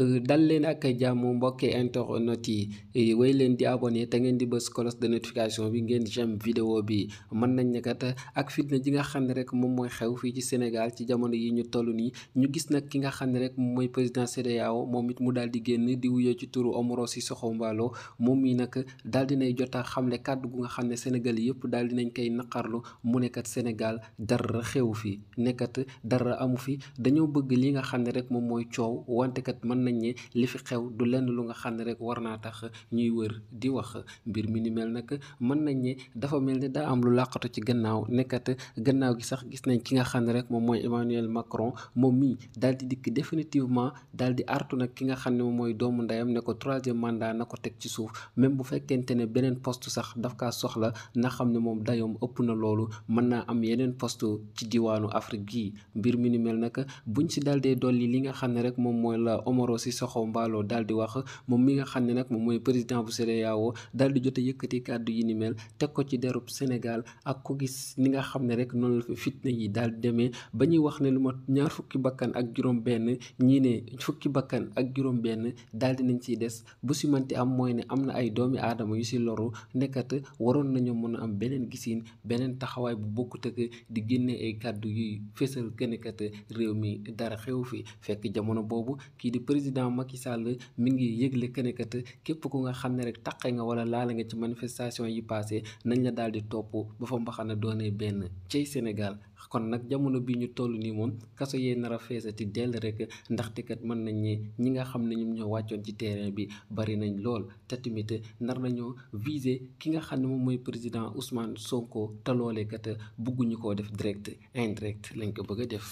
Euh, dal leen ak jàmm mbokki internet yi euh, way leen di abonné te ngeen di bës cloche de notification bi ngeen j'aime vidéo bi mën nañ ne kat ak fitna ji nga xam ne rek moom mooy xew fii ci Sénégal ci jamono yi ñu toll nii ñu gis nag ki nga xam ne rek moom mooy président CEDEAO moom it mu daal di génn di wuyoo ci turu Omaro Sissoko Embaló moom mii nag daal nay jot a xamle kàddu gu nga xam ne Sénégal yëpp daal nañ koy naqarlu mu nekkat Sénégal dara xew fi nekkat dara amu fi dañoo bëgg li nga xam ne rek moom mooy coow wante kat mën nañ ne li fi xew du lenn lu nga xam ne rek war naa tax ñuy wër di wax mbir mi ni mel nag mën nañ ne dafa mel ni daa am lu làqatu ci gannaaw nekkat gannaaw gi sax gis nañ ki nga xam ne rek moom mooy Emmanuel Macron moom mii daal di dikk définitivement daal di artu nag ki nga xam ne moom mooy doomu ndeyam ne ko troisième mandat na ko teg ci suuf même bu fekkente ne beneen poste sax daf kaa soxla na xam ne moom dayoom ëpp na loolu mën naa am yeneen post ci diwaanu Afrique gii mbir mi ni mel nag buñ si daal dolli li nga xam ne rek moom mooy la Omaro Sissoko Embaló daal di wax moom mi nga xam ne nag moom mooy président bu CEDEAO daal di jote yëkkati kàddu yi ni mel teg ko ci derub Sénégal ak ko gis ni nga xam ne rek noonu la fitna yi daal di demee ba ñuy wax ne lu ma ñaar fukki bakkan ak juróom benn ñii ne fukki bakkan ak juróom benn daal di nañ ci des bu si manti am mooy ne am na ay doomi aadama yu si loru nekkat waroon nañu mën a am beneen gisiin beneen taxawaay bu bokkut ak di génne ay kàddu yuy fésal kenekat réew mi dara xew fi président Macky Sall mi ngi yëgle que ne kat képp ku nga xam ne rek taqe nga wala laale nga ci manifestation yi passé nañ la daal di topp ba fa mbaxana doonee benn cey Sénégal kon nag jamono bi ñu toll nii moom kaso yee nar a feesati dell rek ndaxte kat mën nañ ñi ñi nga xam ne ñoom ñoo wàccoon ci terrain bi bari nañ lool te tamit nar nañoo viser ki nga xam ne moom mooy président Ousmane Sonko te loolee kat bëgguñu koo def direct indirect lañ ko bëgg a def.